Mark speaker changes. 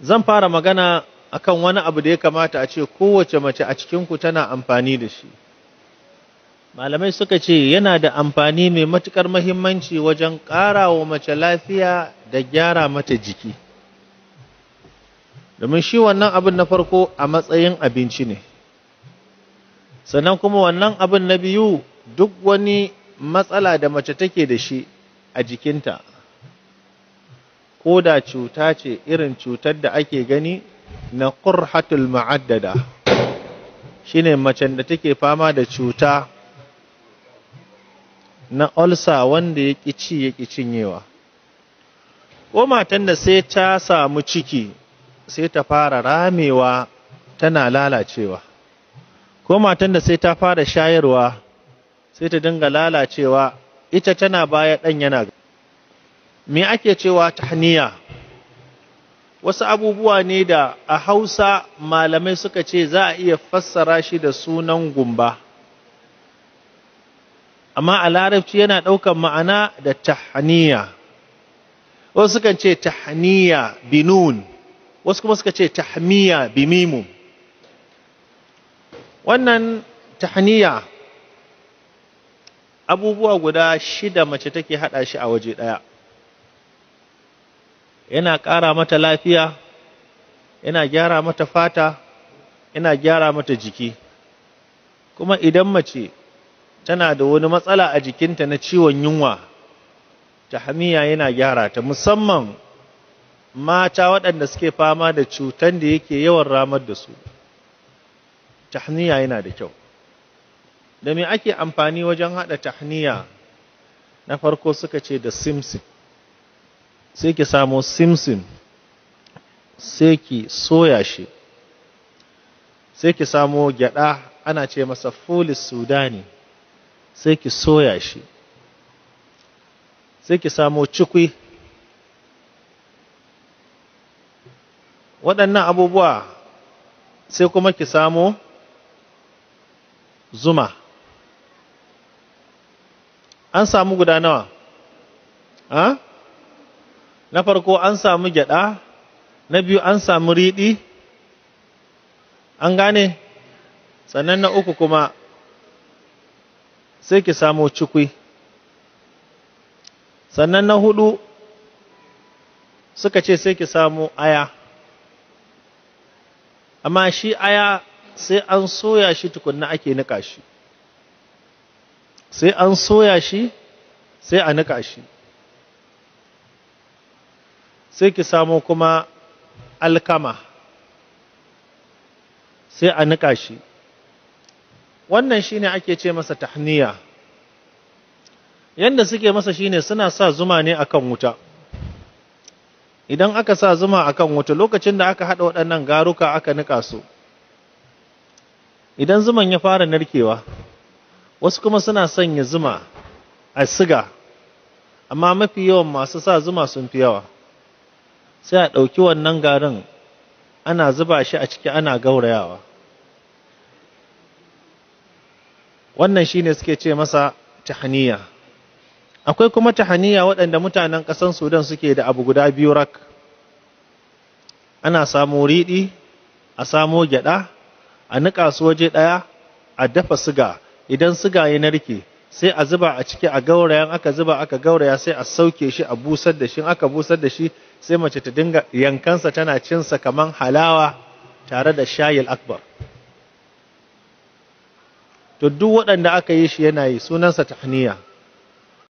Speaker 1: zan fara magana akan wani abu da ya kamata a ce kowace mace a cikinku tana amfani da shi malamai suka ce yana da amfani mai matukar mahimmanci wajen ƙara wa mace lafiya da gyara mata jiki domin shi wannan abin na farko a matsayin abinci ne sannan kuma wannan abin na biyu duk wani matsala da mace take da shi a jikinta ko da cuta ce irin cutar da ake gani na ƙurhatul ma'addada shine macen da take fama da cuta na olsa wanda ya ƙi ci ya ƙi cinyewa ko matan da sai ta samu ciki sai ta fara ramewa tana lalacewa ko matan da sai ta fara shayarwa sai ta dinga lalacewa ita tana baya ɗan yana me ake cewa tahniya wasu abubuwa ne da a hausa malamai suka ce za a iya fassara shi da sunan gumba amma a larabci yana ɗaukar ma'ana da tahniya wasu sukan ce tahniya binun wasu kuma suka ce tahmiya bimimu wannan tahniya abubuwa guda shida mace take haɗa shi a waje ɗaya yana ƙara mata lafiya yana gyara mata fata yana gyara mata jiki kuma idan mace tana da wani matsala a jikinta na ciwon yunwa tahniya yana gyara ta musamman mata waɗanda suke fama da cutan da yake yawan ramar da su tahniya yana da kyau da me ake amfani wajen haɗa tahniya na farko suka ce da simsim sai ki samo simsim sai ki soya shi sai ki samo gyada ana ce masa folis sudani sai ki soya shi sai ki samo cikwi waɗannan abubuwa sai kuma ki samo zuma an samu guda nawa? na farko an samu gyada na biyu an samu riɗi an gane sannan na uku kuma sai ki samu cikwi sannan na hudu suka ce sai ki samu aya amma shi aya sai an soya shi tukunna ake nika shi sai an soya shi sai a nika shi sai ki samo kuma alkama sai a niƙa shi wannan shine ake ce masa tahniya Yadda suke masa shine suna sa zuma ne akan wuta idan aka sa zuma akan wuta lokacin da aka haɗa waɗannan garuka aka niƙa su idan zuman ya fara narkewa wasu kuma suna sanya zuma a siga amma mafi yawan masu sa zuma sun fi yawa sai a ɗauki wannan garin ana zuba shi a ciki ana gaurayawa wannan shine suke ce masa tahaniya akwai kuma tahaniya waɗanda mutanen ƙasar sudan suke da abu guda biyu rak ana samo riɗi a samo gyaɗa a niƙa su waje ɗaya a dafa siga idan siga ya narke sai a zuba a ciki a gauraya aka zuba aka gauraya sai a sauke shi a busar da shi aka busar da shi sai mace ta dinga yankansa tana cinsa kaman halawa tare da shayil akbar to duk waɗanda aka yi shi yana yi sunansa tahniya